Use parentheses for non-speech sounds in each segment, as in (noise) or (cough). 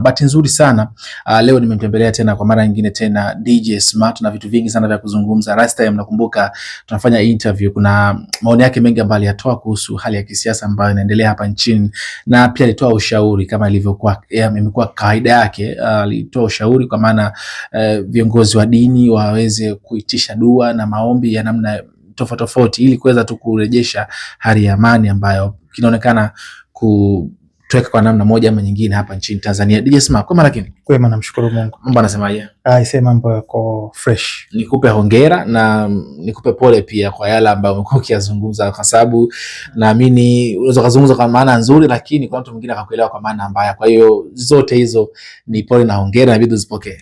Bahati nzuri sana uh, leo nimemtembelea tena kwa mara nyingine tena DJ Smart na vitu vingi sana vya kuzungumza. Last time nakumbuka tunafanya interview, kuna maoni yake mengi ambayo aliyatoa kuhusu hali ya kisiasa ambayo inaendelea hapa nchini, na pia alitoa ushauri kama ilivyokuwa imekuwa kawaida yake. Ah, alitoa uh, ushauri kwa maana uh, viongozi wa dini waweze kuitisha dua na maombi ya namna tofauti tofauti ili kuweza tu kurejesha hali ya amani ambayo kinaonekana ku Tuweka kwa namna moja ama nyingine hapa nchini Tanzania. DJ Sma, kwema lakini? Kwema, namshukuru Mungu. Mambo anasemaje? Ah, isema mambo yako fresh. Nikupe hongera na nikupe pole pia kwa yale ambayo umekuwa ukiyazungumza kwa sababu naamini unaweza kuzungumza kwa maana nzuri, lakini kwa mtu mwingine akakuelewa kwa maana mbaya. Kwa hiyo zote hizo ni pole na hongera, inabidi uzipokee.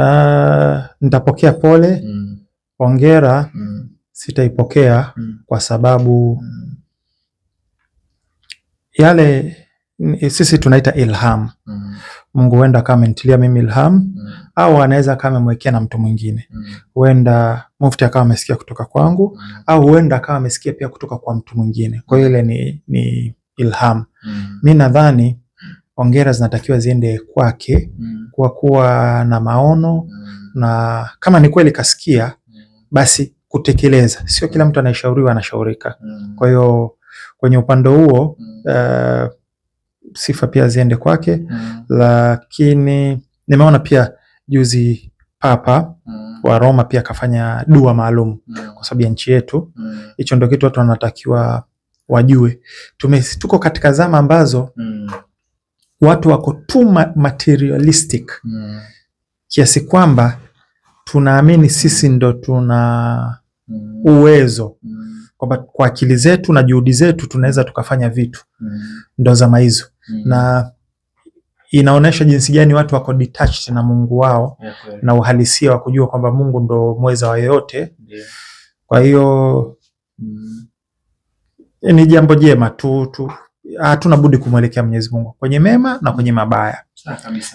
Ah, nitapokea pole. Mm. Hongera mm. Sitaipokea mm. kwa sababu mm yale sisi tunaita ilham mm. Mungu huenda kama amenitia mimi ilham mm. au anaweza kama amemwekea na mtu mwingine mm-hmm. huenda mm. mufti akawa amesikia kutoka kwangu mm. au huenda kama amesikia pia kutoka kwa mtu mwingine. Kwa hiyo ile ni, ni ilham mm. mi nadhani ongera zinatakiwa ziende kwake mm. kwa kuwa na maono mm. na kama ni kweli kasikia basi kutekeleza. Sio kila mtu anayeshauriwa anashaurika. Kwa hiyo kwenye upande huo mm uh, sifa pia ziende kwake mm. Lakini nimeona pia juzi Papa mm. wa Roma pia akafanya dua maalum mm. kwa sababu ya nchi yetu mm. hicho mm. ndio kitu watu wanatakiwa wajue. Tume, tuko katika zama ambazo mm. watu wako tu materialistic mm. kiasi kwamba tunaamini sisi ndo tuna mm. uwezo mm kwamba kwa akili zetu na juhudi zetu tunaweza tukafanya vitu mm. Ndo zama hizo mm. na inaonyesha jinsi gani watu wako detached na Mungu wao yeah, na uhalisia wa kujua kwamba Mungu ndo mweza wa yoyote yeah. Kwa hiyo mm. ni jambo jema tu tu hatuna budi kumwelekea Mwenyezi Mungu kwenye mema na kwenye mabaya.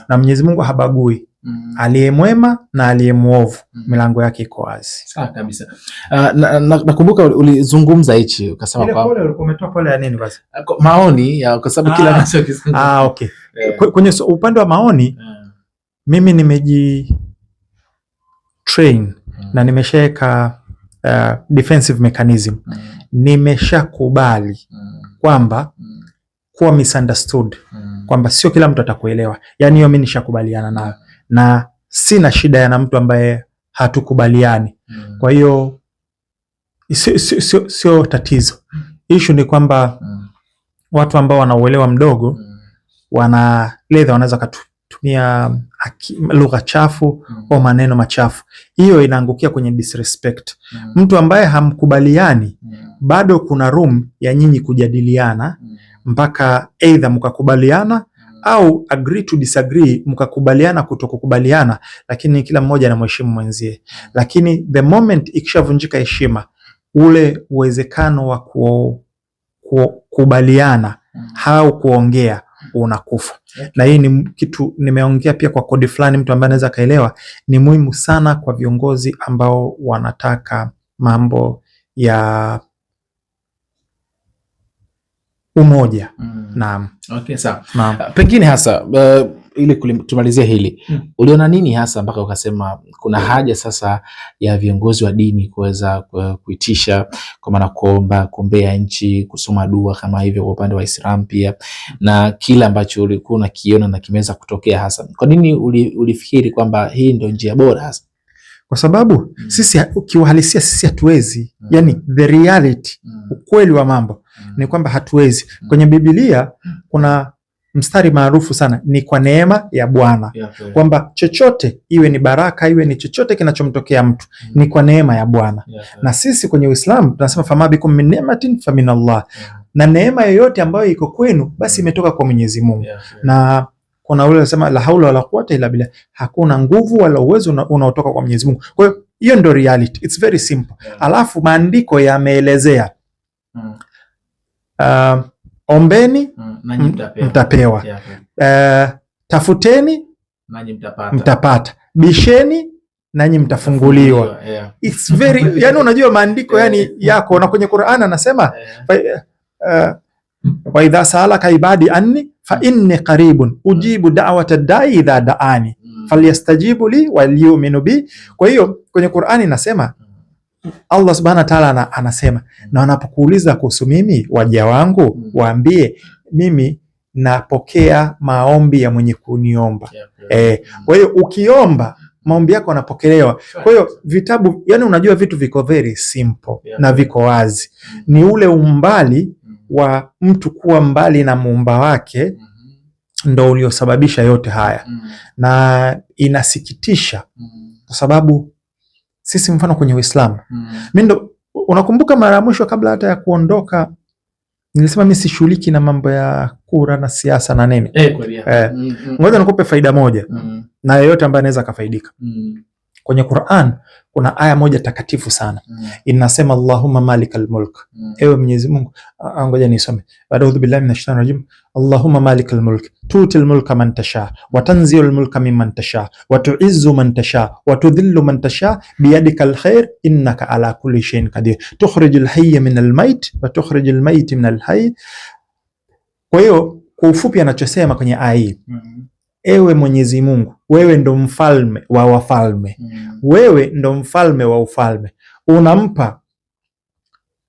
Na Mwenyezi Mungu habagui Mm. Aliye mwema na aliye mwovu mm. milango yake iko wazi. Sawa kabisa. Uh, ah, nakumbuka na, na ulizungumza hichi ukasema kwa pole ulikuwa umetoa pole ya nini basi? Ah, maoni ya kwa sababu kila ah. mtu akizungumza. Ah, okay. Yeah. Kwenye so, upande wa maoni yeah. mimi nimeji train mm. na nimeshaweka uh, defensive mechanism mm. nimeshakubali mm. kwamba mm. kuwa misunderstood mm. kwamba sio kila mtu atakuelewa, yaani hiyo mimi nishakubaliana nayo mm na sina shida ya na mtu ambaye hatukubaliani. Mm. Kwa hiyo sio tatizo. Mm. Ishu ni kwamba mm. watu ambao wanauelewa mdogo mm. wanaledha, wanaweza wakatumia lugha chafu mm. au maneno machafu, hiyo inaangukia kwenye disrespect mm. mtu ambaye hamkubaliani mm. bado kuna room ya nyinyi kujadiliana mm. mpaka mm. aidha mkakubaliana au agree to disagree, mkakubaliana kutokukubaliana, lakini kila mmoja anamheshimu mwenzie. Lakini the moment ikishavunjika heshima, ule uwezekano wa kukubaliana mm. au kuongea unakufa. Na hii ni kitu nimeongea pia kwa kodi fulani, mtu ambaye anaweza akaelewa. Ni muhimu sana kwa viongozi ambao wanataka mambo ya umoja mm. Naam. Okay, sawa. Ah, pengine hasa uh, ili tumalizia hili mm. Uliona nini hasa mpaka ukasema kuna hmm. haja sasa ya viongozi wa dini kuweza uh, kuitisha kwa maana kuomba, kuombea nchi, kusoma dua kama hivyo kwa upande wa islam pia, na kile ambacho ulikuwa unakiona na kimeweza kutokea, hasa kwa nini ulifikiri kwamba hii ndio njia bora hasa? kwa sababu mm. sisi kiuhalisia sisi hatuwezi mm. yani the reality mm. ukweli wa mambo mm. ni kwamba hatuwezi mm. kwenye Biblia mm. kuna mstari maarufu sana ni kwa neema ya Bwana yeah, yeah. kwamba chochote iwe ni baraka iwe ni chochote kinachomtokea mtu mm. ni kwa neema ya Bwana yeah, yeah. na sisi kwenye Uislamu tunasema famabikum min ni'matin Allah yeah. Mm. na neema yoyote ambayo iko kwenu basi mm. imetoka kwa Mwenyezi Mungu yeah, yeah. na kuna ule anasema la haula wala quwwata illa billah, hakuna nguvu wala uwezo unaotoka kwa Mwenyezi Mungu. Kwa hiyo hiyo ndio reality, it's very simple. Alafu maandiko yameelezea uh, ombeni mm, mtapewa, uh, tafuteni nanyi mtapata, mtapata. Bisheni nanyi mtafunguliwa. Yeah. It's very, yani unajua maandiko yani (laughs) yako na kwenye Qur'an anasema yeah. uh, Hmm. wa idha saalaka ibadi anni fa hmm. inni qaribun hmm. ujibu da'wata dai idha daani falyastajibu li waliyuminu bi. Kwa hiyo kwenye Qur'ani nasema Allah subhanahu wa ta'ala anasema, na wanapokuuliza kuhusu mimi waja wangu waambie mimi napokea maombi ya mwenye kuniomba. Eh, kwa hiyo ukiomba maombi yako yanapokelewa. Kwa hiyo vitabu, yani unajua vitu viko very simple na viko wazi, ni ule umbali wa mtu kuwa mbali na muumba wake mm-hmm. ndo uliosababisha yote haya mm -hmm. na inasikitisha mm kwa sababu sisi mfano kwenye Uislamu mm -hmm. ndo unakumbuka mara ya mwisho kabla hata ya kuondoka nilisema mi sishughuliki na mambo ya kura na siasa na nini eh, eh. mm -hmm. ngoja nikupe faida moja mm -hmm. na yeyote ambaye anaweza akafaidika mm -hmm. Kwenye Qur'an kuna aya moja takatifu sana mm. inasema Allahumma malikal mulk mm. ewe Mwenyezi Mungu, ngoja nisome baada. A'udhu billahi minash shaitani rajim. Allahumma malikal mulk tutil mulka man tasha wa tanzilul mulka mimman tasha wa tu'izzu man tasha wa tudhillu man tasha biyadikal khair innaka ala kulli shay'in qadir tukhrijul hayya minal mayt wa tukhrijul mayta minal hayy. Kwa hiyo kwa ufupi anachosema kwenye aya hii mm. -hmm. Ewe Mwenyezi Mungu, wewe ndo mfalme wa wafalme mm. Wewe ndo mfalme wa ufalme, unampa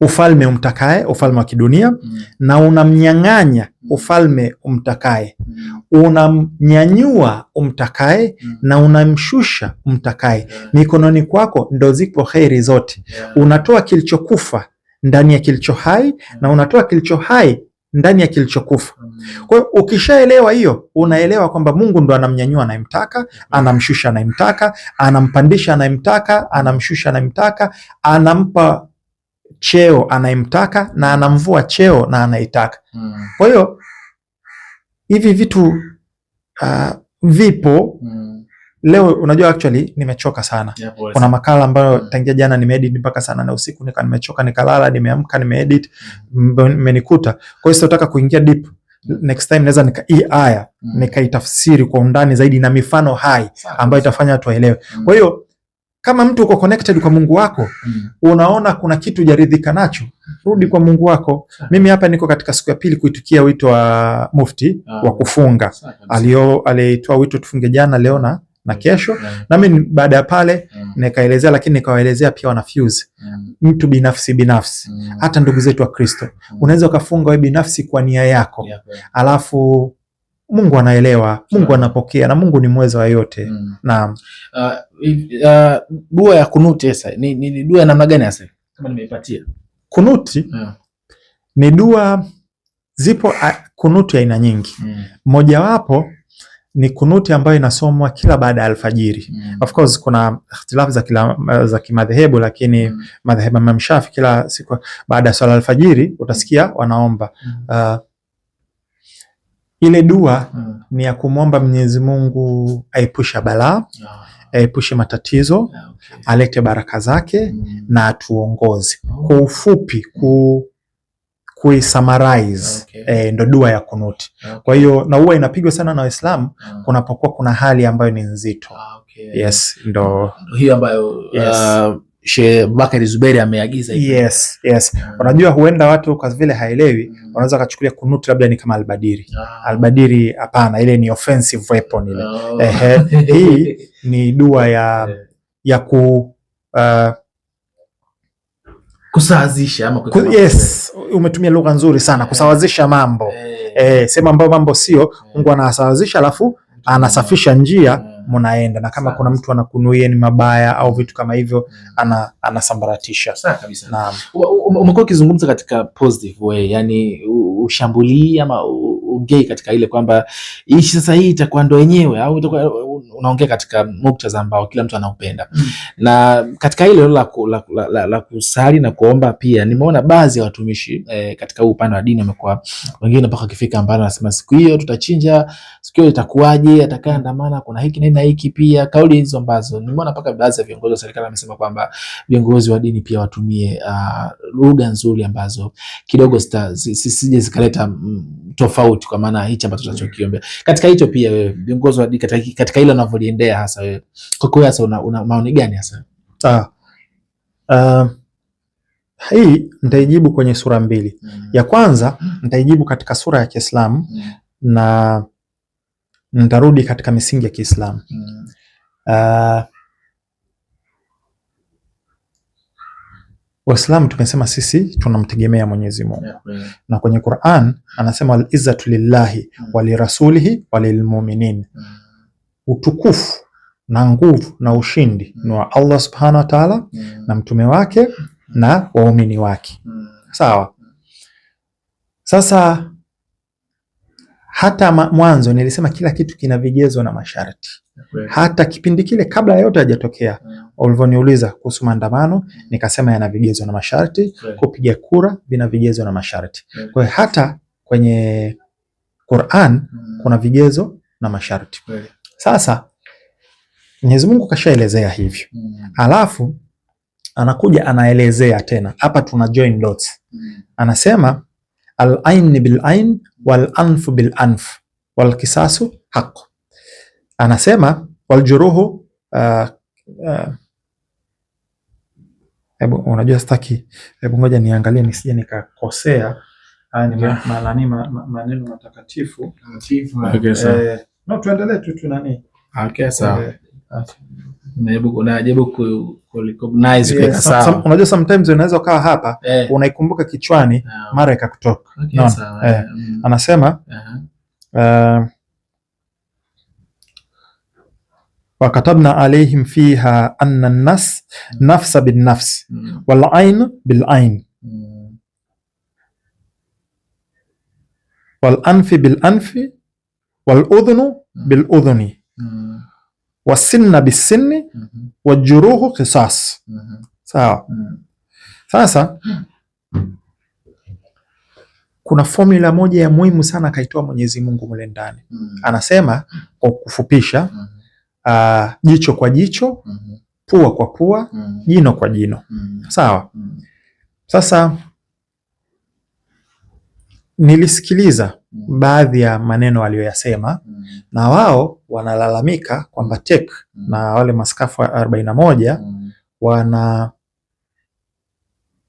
ufalme umtakaye, ufalme wa kidunia mm. na unamnyang'anya ufalme umtakaye mm. unamnyanyua umtakaye mm. na unamshusha umtakaye yeah. Mikononi kwako ndo zipo kheri zote yeah. Unatoa kilichokufa ndani ya kilicho hai yeah. Mm. na unatoa kilicho hai ndani ya kilichokufa mm. Kwa hiyo ukishaelewa hiyo, unaelewa kwamba Mungu ndo anamnyanyua anayemtaka, anamshusha anayemtaka, anampandisha anayemtaka, anamshusha anayemtaka, anampa cheo anayemtaka na anamvua cheo na anaitaka. Hmm. Kwa hiyo hivi vitu uh, vipo hmm. Leo unajua, actually nimechoka sana yeah, kuna makala ambayo mm. tangia jana nimeedit mpaka sana na usiku, nika nimechoka, nikalala, nimeamka, nimeedit, hmm. mmenikuta. Kwa hiyo sitotaka kuingia deep next time naweza nika hii aya mm. nikaitafsiri kwa undani zaidi na mifano hai ambayo itafanya watu waelewe mm. kwa hiyo kama mtu uko connected kwa Mungu wako mm. unaona kuna kitu jaridhika nacho, rudi kwa Mungu wako. Mimi hapa niko katika siku ya pili kuitukia wito wa mufti ah. wa kufunga alio alitoa wito tufunge jana, leo na na mm. kesho na Nami baada ya pale mm. Nikaelezea, lakini nikawaelezea pia wanafyuzi mm. Mtu binafsi binafsi Hata ndugu zetu wa Kristo Unaweza ukafunga wewe binafsi kwa nia yako Alafu Mungu anaelewa, Mungu anapokea na Mungu ni mweza wa yote Naam. Uh, uh, dua ya kunuti sasa ni, ni, dua ya namna gani sasa? kama nimeipatia kunuti Ni dua zipo, kunuti aina nyingi mm. Mojawapo ni kunuti ambayo inasomwa kila baada ya alfajiri. Mm. Of course kuna ikhtilafu za kila za kimadhehebu lakini mm. madhehebu ya Imam kila siku baada ya swala alfajiri utasikia wanaomba. Mm. Uh, ile dua mm. ni ya kumwomba Mwenyezi Mungu aepushe balaa, oh. aepushe matatizo, yeah, okay. alete baraka zake mm. na atuongoze. Oh. Kwa ufupi ku kuisummarize okay. E, ndo dua ya kunuti okay. Kwa hiyo na huwa inapigwa sana na Waislamu ah. kunapokuwa kuna hali ambayo ni nzito ah, okay. Yes, ndo hiyo ambayo yes. uh, Sheikh Bakari Zuberi ameagiza hivyo. Yes, yes. Ah. Unajua huenda watu kwa vile haelewi mm. wanaweza kachukulia kunuti labda ni kama albadiri. Ah. Albadiri hapana, ile ni offensive weapon ile. Oh. Ehe, hii ni dua ya (laughs) eh. ya ku uh, kusazisha ama kusazisha. yes, umetumia lugha nzuri sana kusawazisha mambo eh, eh sema ambayo mambo sio, eh. Mungu anasawazisha alafu anasafisha njia, eh. mnaenda na kama kuna mtu anakunuia ni mabaya au vitu kama hivyo, ana anasambaratisha. Naam, umekuwa ukizungumza katika positive way, yani ushambulii ama uongei katika ile kwamba ishi sasa hii itakuwa ndo wenyewe au unaongea katika muktadha ambao kila mtu anaupenda. Mm. Na katika ile la, la, la, la, la kusali na kuomba pia nimeona baadhi ya watumishi eh, katika huu upande wa dini wamekuwa wengine mpaka kifika ambao wanasema siku hiyo tutachinja, siku hiyo itakuwaje, atakaa ndamana, kuna hiki na hiki. Pia kauli hizo ambazo nimeona mpaka baadhi ya viongozi wa serikali wamesema kwamba viongozi wa dini pia watumie uh, lugha nzuri ambazo kidogo sije zikaleta mm, tofauti, kwa maana hichi ambacho tunachokiombea katika hicho pia, wewe viongozi wa dini katika, katika ile unavyoliendea hasa wewe kwa kweli, hasa una, una maoni gani hasa? Ah, uh, hii nitaijibu kwenye sura mbili. Mm. Ya kwanza mm. nitaijibu katika sura ya Kiislamu mm. na nitarudi katika misingi ya Kiislamu mm. uh, Waislamu tumesema sisi tunamtegemea Mwenyezi Mungu yeah, na kwenye Qur'an anasema al-izzatu lillahi mm. wa lilmuminin mm. utukufu na nguvu na ushindi mm. ni wa Allah subhanahu wa ta'ala mm. na mtume wake na waumini wake mm. sawa. Sasa hata mwanzo nilisema kila kitu kina vigezo na masharti. Hata kipindi kile kabla yote hajatokea, hmm. ulivyoniuliza kuhusu maandamano, nikasema yana vigezo na masharti. Kupiga kura vina vigezo na masharti. Kwa hiyo hata kwenye Qur'an hmm. kuna vigezo na masharti. Sasa Mwenyezi Mungu kashaelezea hivyo, hmm. alafu anakuja anaelezea tena hapa, tuna join dots, anasema al-ain bil-ain wal-anf bil-anf wal-kisasu haqq. Anasema waljuruhu uh, uh, unajua sitaki, hebu ngoja niangalie nisije nikakosea. Haya ni maneno matakatifu. Okay, eh, no, tuendelee tu tunani Okay, eh, sawa. Eh. Yeah. Unajaribu ku recognize kwa sawa. Unajua sometimes unaweza ukawa hapa yeah. Unaikumbuka kichwani yeah. Mara ikakutoka. Okay, no. Sawa. Eh. Yeah. Mm. Anasema uh-huh. uh, wakatabna alaihim fiha anna nas nafsa binnafsi mm. wal ain bil ain mm. wal anfi bil anfi wal udhunu mm. bil udhuni wasinna bisinni mm -hmm. wajuruhu qisas mm -hmm. sawa mm -hmm. Sasa kuna formula moja ya muhimu sana akaitoa Mwenyezi Mungu mule ndani mm -hmm. anasema kwa kufupisha mm -hmm. uh, jicho kwa jicho mm -hmm. pua kwa pua mm -hmm. jino kwa jino mm -hmm. sawa mm -hmm. Sasa nilisikiliza Mm. baadhi ya maneno aliyoyasema mm. na wao wanalalamika kwamba TEC mm. na wale maskafu wa moja mm. wana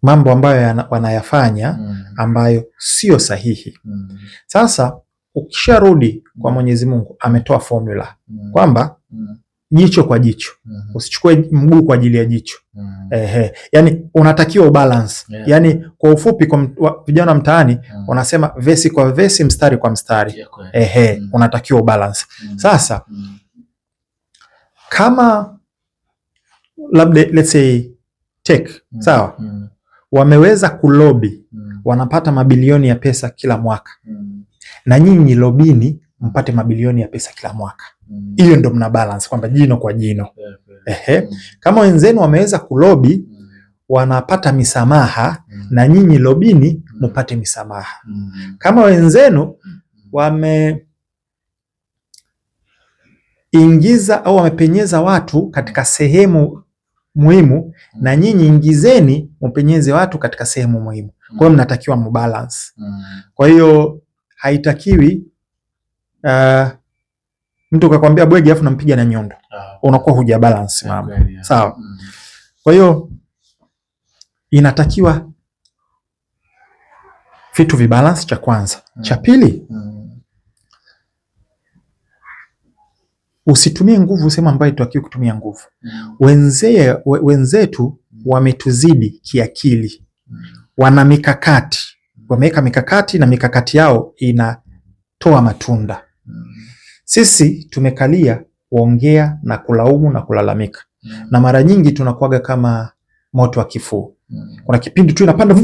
mambo ambayo wanayafanya mm. ambayo sio sahihi mm. Sasa ukisharudi kwa mm. Mwenyezi Mungu ametoa formula mm. kwamba mm jicho kwa jicho mm -hmm. Usichukue mguu kwa ajili ya jicho mm -hmm. Ehe, yani unatakiwa ubalance yeah. Yani kwa ufupi, kwa vijana mtaani mm -hmm. wanasema vesi kwa vesi, mstari kwa mstari yeah, ehe mm -hmm. unatakiwa ubalance mm -hmm. Sasa mm -hmm. kama labda let's say tech mm -hmm. sawa mm -hmm. wameweza kulobi mm -hmm. wanapata mabilioni ya pesa kila mwaka mm -hmm. na nyinyi lobini mpate mabilioni ya pesa kila mwaka Mm. Hiyo ndo mna balance kwamba jino kwa jino yeah, yeah. Ehe. Kama wenzenu wameweza kulobi mm. wanapata misamaha mm. na nyinyi lobini mm. mupate misamaha mm. kama wenzenu wameingiza au wamepenyeza watu katika sehemu muhimu na nyinyi ingizeni mupenyeze watu katika sehemu muhimu kwa hiyo mnatakiwa mubalance kwa hiyo haitakiwi uh, mtu kakwambia bwegi afu nampiga na nyundo ah, unakuwa huja balance yeah. sawa. Mm. Kwa hiyo inatakiwa vitu vibalance, cha kwanza. Mm. Cha pili, mm. usitumie nguvu sehemu ambayo itakiwa kutumia nguvu. Wenzee wenzetu wametuzidi kiakili, wana mikakati, wameweka mikakati na mikakati yao inatoa matunda sisi tumekalia kuongea na kulaumu na kulalamika mm. na mara nyingi tunakuaga kama moto wa kifuu mm. kuna kipindi tu inapanda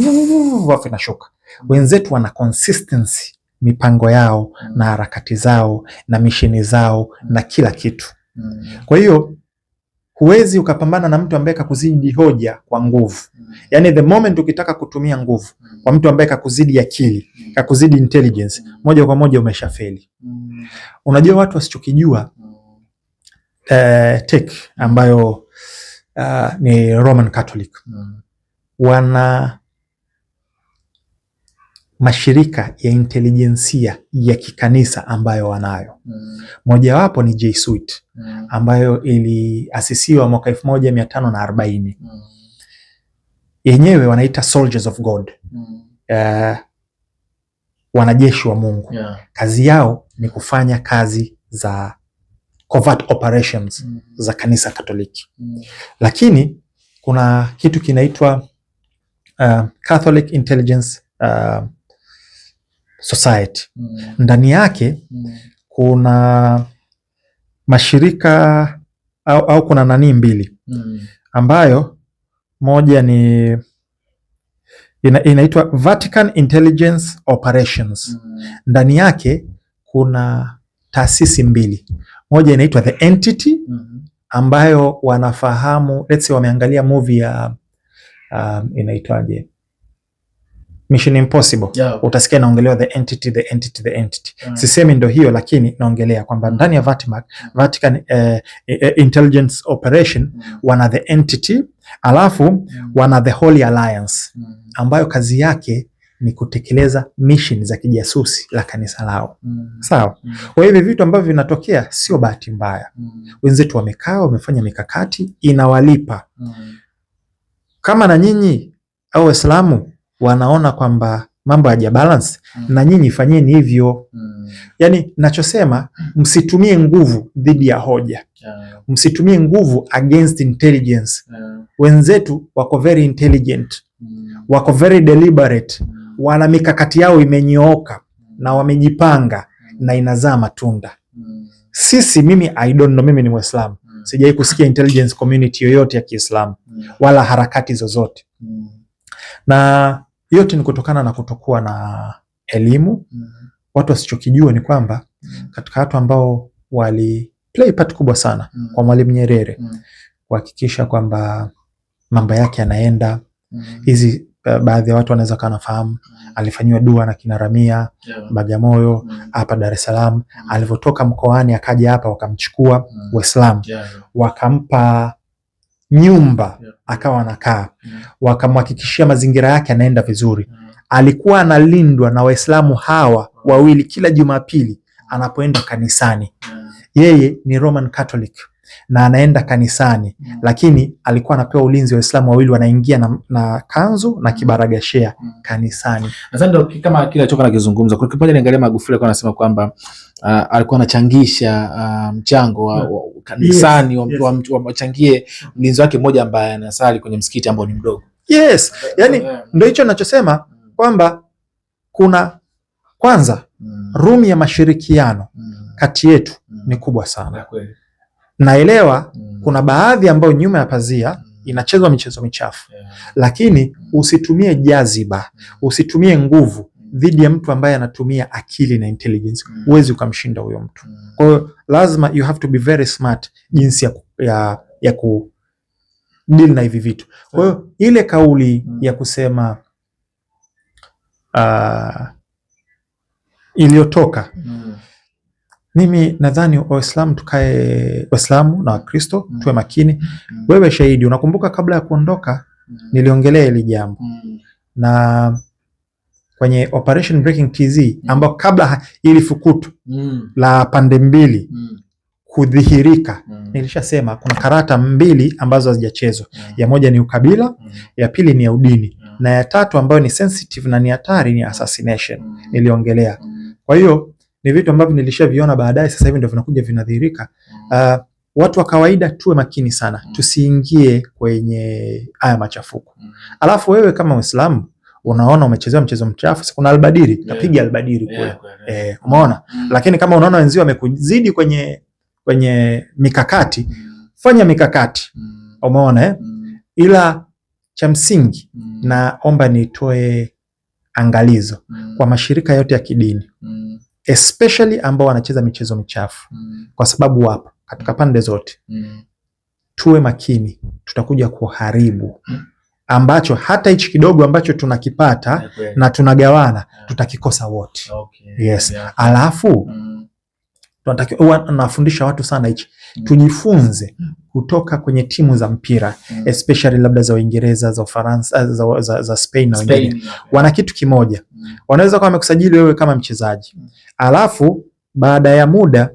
afu inashuka mm. wenzetu wana consistency mipango yao mm. na harakati zao na misheni zao mm. na kila kitu mm. kwa hiyo huwezi ukapambana na mtu ambaye kakuzidi hoja kwa nguvu. Mm. Yani the moment ukitaka kutumia nguvu mm. kwa mtu ambaye kakuzidi akili, mm. kakuzidi intelligence, moja kwa moja umeshafeli. Unajua watu wasichokijua eh, tech ambayo uh, ni Roman Catholic wana mashirika ya intelijensia ya kikanisa ambayo wanayo mm. Mojawapo ni Jesuit mm. ambayo iliasisiwa mwaka elfu moja mia tano na arobaini mm. yenyewe wanaita Soldiers of God mm. uh, wanajeshi wa Mungu yeah. Kazi yao ni kufanya kazi za covert operations mm. za kanisa Katoliki mm. Lakini kuna kitu kinaitwa uh, Catholic Intelligence uh, society mm. Ndani yake mm. kuna mashirika au, au kuna nanii mbili mm. ambayo moja ni ina, inaitwa Vatican Intelligence Operations mm. Ndani yake kuna taasisi mbili, moja inaitwa the entity mm. ambayo wanafahamu let's say wameangalia movie ya um, inaitwaje Mission Impossible yeah. Utasikia naongelewa the entity, the entity, the entity mm. Sisemi ndo hiyo, lakini naongelea kwamba ndani ya Vatimac, Vatican uh, Intelligence Operation mm. wana the entity alafu mm. wana the Holy Alliance mm. ambayo kazi yake ni kutekeleza mission za kijasusi la kanisa lao mm. Sawa mm. Kwa hivyo vitu ambavyo vinatokea sio bahati mbaya mm. Wenzetu wamekaa wamefanya mikakati inawalipa mm. Kama na nyinyi au Waislamu wanaona kwamba mambo haja balance mm. na nyinyi fanyeni hivyo mm. Yani nachosema msitumie nguvu dhidi ya hoja yeah. Msitumie nguvu against intelligence yeah. Wenzetu wako very intelligent mm. Wako very deliberate mm. Wana mikakati yao imenyooka mm. na wamejipanga mm. na inazaa matunda mm. Sisi mimi I don't know, mimi ni Muislamu mm. Sijai kusikia intelligence community yoyote ya Kiislamu mm. wala harakati zozote mm. na yote ni kutokana na kutokuwa na elimu. mm. Watu wasichokijua ni kwamba mm. katika watu ambao wali play part kubwa sana mm. kwa Mwalimu Nyerere mm. kuhakikisha kwamba mambo yake yanaenda hizi mm. Uh, baadhi ya watu wanaweza kuwa nafahamu mm. alifanyiwa dua na kinaramia yeah. Bagamoyo hapa mm. Dar es Salaam mm. alivyotoka mkoani akaja hapa wakamchukua Waislamu Uislamu yeah. wakampa nyumba yeah. Akawa anakaa yeah. Wakamhakikishia mazingira yake anaenda vizuri yeah. Alikuwa analindwa na Waislamu hawa wawili kila Jumapili anapoenda kanisani yeah yeye ni Roman Catholic na anaenda kanisani mm. Lakini alikuwa anapewa ulinzi wa Waislamu wawili wanaingia na, na kanzu na mm. kibaragashia mm. kanisani. Sasa ndio kama kile alichokuwa anakizungumza. kwa kipande niangalia Magufuli alikuwa anasema kwamba uh, alikuwa anachangisha uh, mchango wa, wa mm. kanisani yes, wa, yes. wamchangie mlinzi wake mmoja ambaye anasali kwenye msikiti ambao ni mdogo. Yes, yaani ndio hicho ninachosema kwamba kuna kwanza mm. Rumi ya mashirikiano mm kati yetu mm. ni kubwa sana okay. Naelewa mm. kuna baadhi ambayo nyuma ya pazia mm. inachezwa michezo michafu yeah. Lakini mm. usitumie jaziba, mm. usitumie nguvu mm. dhidi ya mtu ambaye anatumia akili na intelligence. Huwezi mm. ukamshinda huyo mtu mm. Kwa hiyo lazima you have to be very smart jinsi ya, ya, ya ku deal na hivi vitu. Kwa hiyo ile kauli mm. ya kusema uh, iliyotoka mm. Mimi nadhani Waislamu tukae, Waislamu na Wakristo mm. tuwe makini. Mm. Wewe shahidi, unakumbuka kabla ya kuondoka mm. niliongelea hili jambo na kwenye Operation Breaking TZ ambayo kabla ili fukutu la pande mbili kudhihirika, nilishasema kuna karata mbili ambazo hazijachezwa. Ya moja ni ukabila, ya pili ni ya udini, na ya tatu ambayo ni sensitive na ni hatari ni assassination, niliongelea. Kwa hiyo ni vitu ambavyo nilishaviona baadaye, sasa hivi ndio vinakuja vinadhihirika. Uh, watu wa kawaida tuwe makini sana, mm. tusiingie kwenye haya machafuko. Mm. Alafu wewe kama Muislamu unaona umechezea mchezo mchafu, si kuna albadiri kapiga albadiri kule, E, umeona. Mm. Lakini kama unaona wenzio wamekuzidi kwenye kwenye mikakati, mm. fanya mikakati, mm. umeona eh? mm. Ila cha msingi mm. naomba nitoe angalizo mm. kwa mashirika yote ya kidini mm especially ambao wanacheza michezo michafu mm. Kwa sababu wapo katika pande zote mm. Tuwe makini, tutakuja kuharibu mm. ambacho hata hichi kidogo ambacho tunakipata okay. Eh, na tunagawana yeah. tutakikosa wote okay. yes yeah. alafu mm. tunatakiwa nafundisha watu sana hichi mm. tujifunze mm. kutoka kwenye timu za mpira mm. especially labda za Uingereza, za Ufaransa, za, za, za Spain na wengine, wana kitu kimoja Wanaweza kuwa wamekusajili wewe kama mchezaji, alafu baada ya muda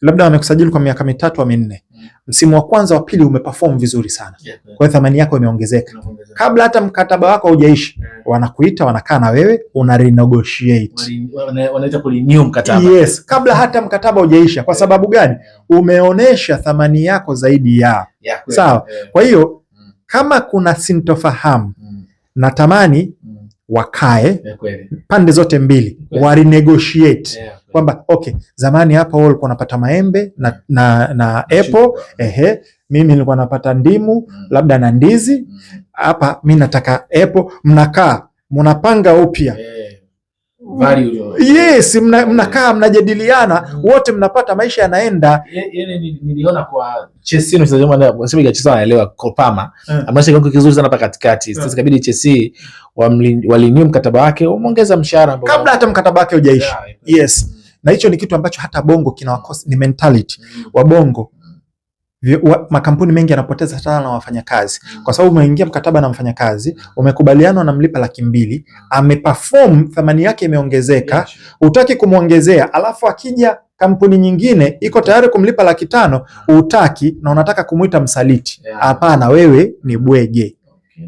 labda wamekusajili kwa miaka mitatu au minne, msimu wa kwanza wa pili umeperform vizuri sana, kwa hiyo thamani yako imeongezeka. Kabla hata mkataba wako haujaisha, wanakuita wanakaa na wewe, una renegotiate, wanaita ku renew mkataba. Yes, kabla hata mkataba haujaisha. Kwa sababu gani? Umeonesha thamani yako zaidi ya sawa. Kwa hiyo mm. kama kuna sintofahamu, mm. natamani wakae pande zote mbili wa renegotiate kwamba okay, zamani hapa wewe ulikuwa unapata maembe na, na, na apple ehe, mimi nilikuwa napata ndimu mm, labda na ndizi mm. hapa mm, mi nataka apple. Mnakaa mnapanga upya yeah value. Yes, mnakaa mna mnajadiliana mm. wote mnapata, maisha yanaenda. Niliona kwa anaelewa Kopama mm. amesha kiwango kizuri sana hapa katikati. Mm. Sasa kabidi Chelsea walinew mkataba wake, wameongeza mshahara kabla hata mkataba wake hujaisha. Yes, na hicho ni kitu ambacho hata bongo kinawakosa, ni mentality mm. wa bongo makampuni mengi yanapoteza sana na wafanyakazi mm. kwa sababu umeingia mkataba na mfanyakazi, umekubaliana mlipa laki mbili, ameperform thamani yake imeongezeka, utaki kumwongezea, alafu akija kampuni nyingine iko tayari kumlipa laki tano, utaki na unataka kumwita msaliti. Hapana, wewe ni bwege.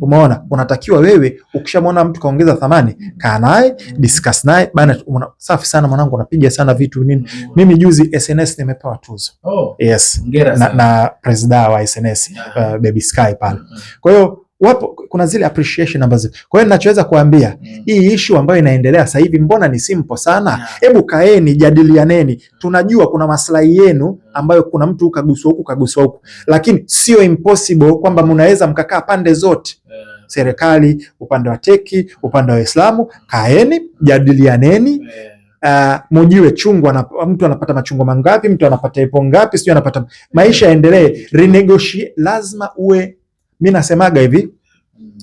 Umeona, unatakiwa wewe ukishamwona mtu kaongeza thamani, kaa naye mm. discuss naye bana. Safi sana mwanangu, unapiga sana vitu nini. Mm. Mimi juzi SNS nimepewa tuzo oh, yes na, na presida wa SNS uh, Baby Sky pale. Mm-hmm. Kwa hiyo wapo, kuna zile appreciation ambazo. Kwa hiyo ninachoweza kuambia mm. hii issue ambayo inaendelea sasa hivi mbona ni simple sana. Hebu kaeni, jadilianeni. Mm. Tunajua kuna maslahi yenu mm. ambayo kuna mtu ukaguswa huku kaguswa huku, mm. lakini sio impossible kwamba mnaweza mkakaa pande zote Yeah. serikali upande wa teki, upande wa Waislamu. Kaeni jadilianeni, uh, ah, mujiwe chungu anap, mtu anapata machungwa mangapi, mtu anapata ipo ngapi, sio anapata maisha yaendelee. Renegotiate, lazima uwe mi nasemaga hivi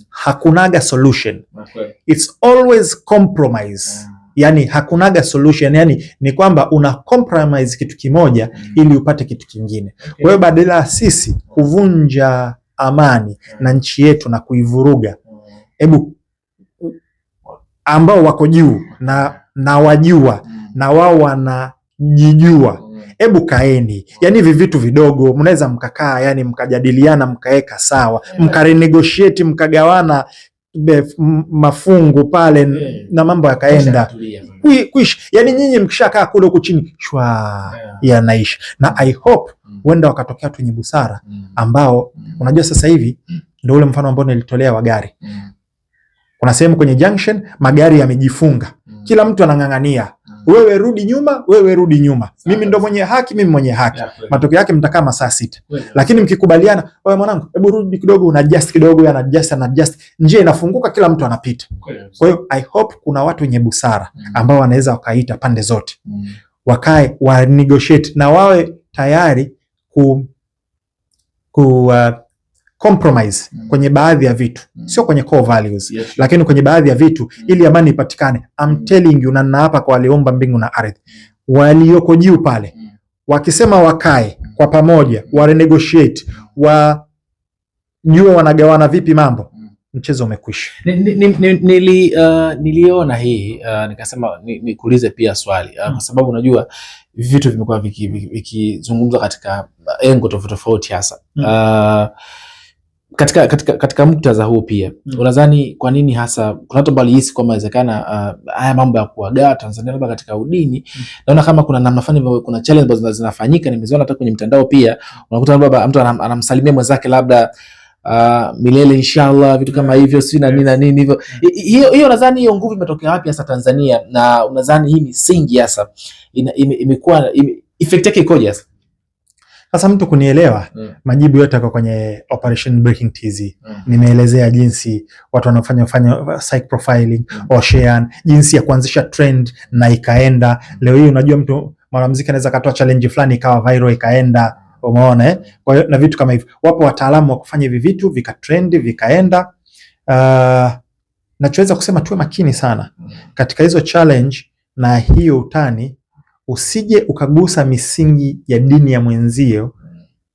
hakunaga solution. It's always compromise. Ah. Yani hakunaga solution, yani ni kwamba una compromise kitu kimoja mm. ili upate kitu kingine. Kwa hiyo badala ya sisi kuvunja amani mm. na nchi yetu na kuivuruga, mm. hebu ambao wako juu na na wajua na wao wanajijua hebu kaeni, yani hivi vitu vidogo mnaweza mkakaa, yani mkajadiliana, mkaweka sawa, mkarenegotiate, mkagawana Bef, mafungu pale yeah. Na mambo yakaenda kuisha, yani nyinyi mkishakaa kule huku chini shwa yeah. Yanaisha na I hope mm. huenda mm. wakatokea tu wenye busara mm. ambao mm. unajua sasa hivi mm. ndio ule mfano ambao nilitolea wa gari mm. kuna sehemu kwenye junction magari yamejifunga mm. kila mtu anang'ang'ania wewe rudi nyuma, wewe rudi nyuma, mimi ndo mwenye haki, mimi mwenye haki. Matokeo yake mtakaa masaa sita, lakini mkikubaliana, wewe mwanangu, hebu rudi kidogo, una adjust kidogo, ana adjust, ana adjust, njia inafunguka, kila mtu anapita. Kwa hiyo I hope kuna watu wenye busara mm. ambao wanaweza wakaita pande zote mm. wakae wa negotiate na wawe tayari ku, ku uh, compromise mm. kwenye baadhi ya vitu, mm. sio kwenye core values, lakini kwenye baadhi ya vitu mm. ili amani ipatikane. I'm telling you, na ninaapa kwa waliomba mbingu na ardhi, walioko juu pale wakisema wakae kwa pamoja, wa renegotiate, jua wanagawana vipi mambo mchezo umekwisha. Uh, niliona hii uh, nikasema nikuulize pia swali uh, mm. Kwa sababu unajua vitu vimekuwa vikizungumzwa viki, viki katika engo tofauti tofauti hasa mm. uh, katika, katika, katika muktadha huu pia mm. unadhani kwa nini hasa kuna watu ambao walihisi kwamba inawezekana uh, haya uh, mambo ya kuagawa Tanzania labda katika udini mm. naona kama kuna namna fulani, kuna challenge ambazo zinafanyika, nimeziona hata kwenye mtandao pia, unakuta labda mtu anam, anamsalimia mwenzake labda uh, milele inshallah, vitu kama mm. hivyo si na nini na nini hivyo. Mm. Hiyo hiyo nadhani hiyo nguvu imetokea wapi hasa Tanzania, na unadhani hii misingi hasa imekuwa effect yake ikoje hasa? Sasa mtu kunielewa mm. Majibu yote yako kwenye Operation Breaking TZ mm. Nimeelezea jinsi watu wanafanya fanya psych profiling mm. Ocean, jinsi ya kuanzisha trend na ikaenda leo hii. Unajua, mtu mwanamuziki anaweza katoa challenge fulani ikawa viral ikaenda, umeona eh? Kwa hiyo na vitu kama hivyo, wapo wataalamu wa kufanya hivi vitu trend vikaenda. Uh, nachoweza kusema tuwe makini sana mm. katika hizo challenge na hiyo utani usije ukagusa misingi ya dini ya mwenzio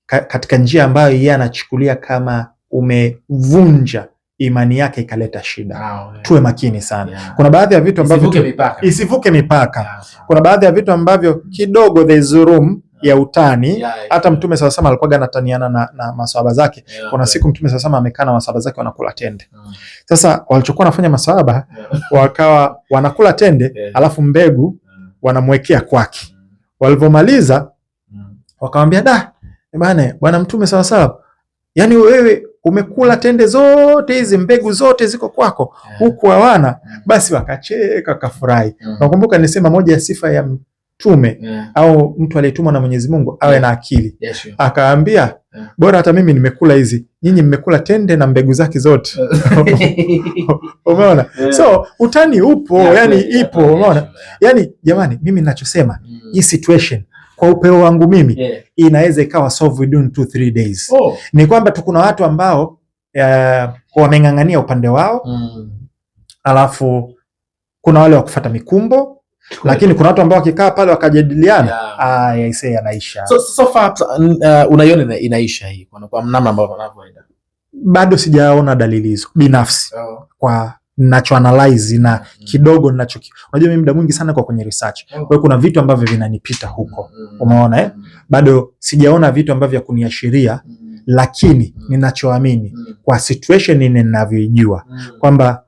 katika njia ambayo yeye anachukulia kama umevunja imani yake ikaleta shida. Wow, yeah. Tuwe makini sana yeah. Kuna baadhi ya vitu ambavyo isivuke mipaka, isivuke mipaka. Yeah, so. Kuna baadhi ya vitu ambavyo kidogo the room yeah. ya utani yeah, yeah. hata yeah. Mtume sawasama alikuwaga anataniana na, na maswahaba zake yeah, kuna yeah. siku Mtume sawasama amekaa na maswahaba zake wanakula tende yeah. Mm. Sasa walichokuwa wanafanya maswahaba yeah. wakawa wanakula tende yeah. alafu mbegu wanamwekea kwake. Walivyomaliza wakamwambia, da bana, bwana Mtume sawa sawa, yani wewe umekula tende zote hizi, mbegu zote ziko kwako, huku hawana. Mm. Basi wakacheka wakafurahi. Nakumbuka mm. nisema moja ya sifa ya tume yeah. au mtu aliyetumwa na Mwenyezi Mungu awe yeah. na akili yeah, sure. Akaambia yeah. bora hata mimi nimekula hizi, nyinyi mmekula tende na mbegu zake zote (laughs) umeona yeah. So utani upo yeah, yani yeah, ipo yeah, umeona yeah. Yani jamani, mimi ninachosema mm. hii situation kwa upeo wangu mimi yeah. inaweza ikawa solve within 2 3 days oh. Ni kwamba tu kuna watu ambao uh, wameng'ang'ania upande wao mm. alafu kuna wale wa kufata mikumbo lakini kuna watu ambao wakikaa pale wakajadiliana yeah. Ah, yanaisha. So, so far, uh, unaiona inaisha hii kwa namna ambayo wanavyoenda, bado sijaona dalili hizo binafsi oh. kwa nacho analyze na mm. kidogo nacho, unajua mimi muda mwingi sana kwa kwenye research oh. kwa hiyo kuna vitu ambavyo vinanipita huko mm. mm umeona eh? Mm. bado sijaona vitu ambavyo vya kuniashiria mm. lakini mm. ninachoamini mm. kwa situation ninavyoijua mm. kwamba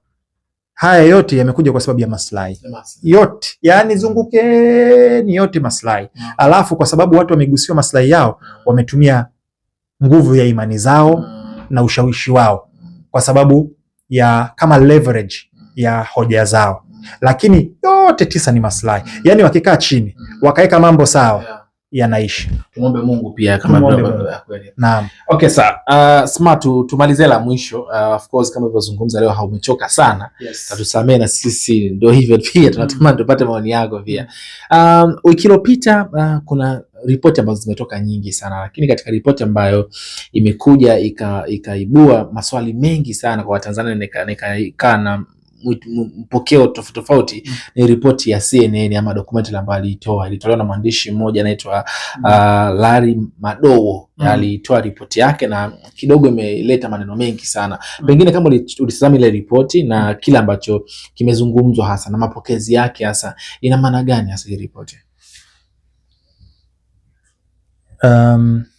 Haya yote yamekuja kwa sababu ya maslahi yote, yani zungukeni yote maslahi. Mm. Alafu kwa sababu watu wamegusiwa maslahi yao, mm. wametumia nguvu ya imani zao mm. na ushawishi wao kwa sababu ya kama leverage ya hoja zao, lakini yote tisa ni maslahi. yani wakikaa chini wakaweka mambo sawa yanaishi. Tumwombe Mungu pia kama kweli. Naam. Okay, sir, uh, Smart tumalize la mwisho. Uh, of course kama ulivyozungumza leo haumechoka sana. Yes. Tatusamee na sisi ndio hivyo pia mm. tunatamani tupate maoni yako pia. Um, wiki iliyopita uh, kuna ripoti ambazo zimetoka nyingi sana, lakini katika ripoti ambayo imekuja ikaibua ika maswali mengi sana kwa Watanzania, nika, nika, mpokeo tofauti tofauti mm. Ni ripoti ya CNN ama documentary ambayo aliitoa, ilitolewa na mwandishi mmoja anaitwa mm. uh, Larry Madowo mm. Alitoa ripoti yake na kidogo imeleta maneno mengi sana mm. Pengine kama ulitazama ile ripoti na mm. kile ambacho kimezungumzwa hasa na mapokezi yake hasa, ina maana gani hasa hii ripoti? um...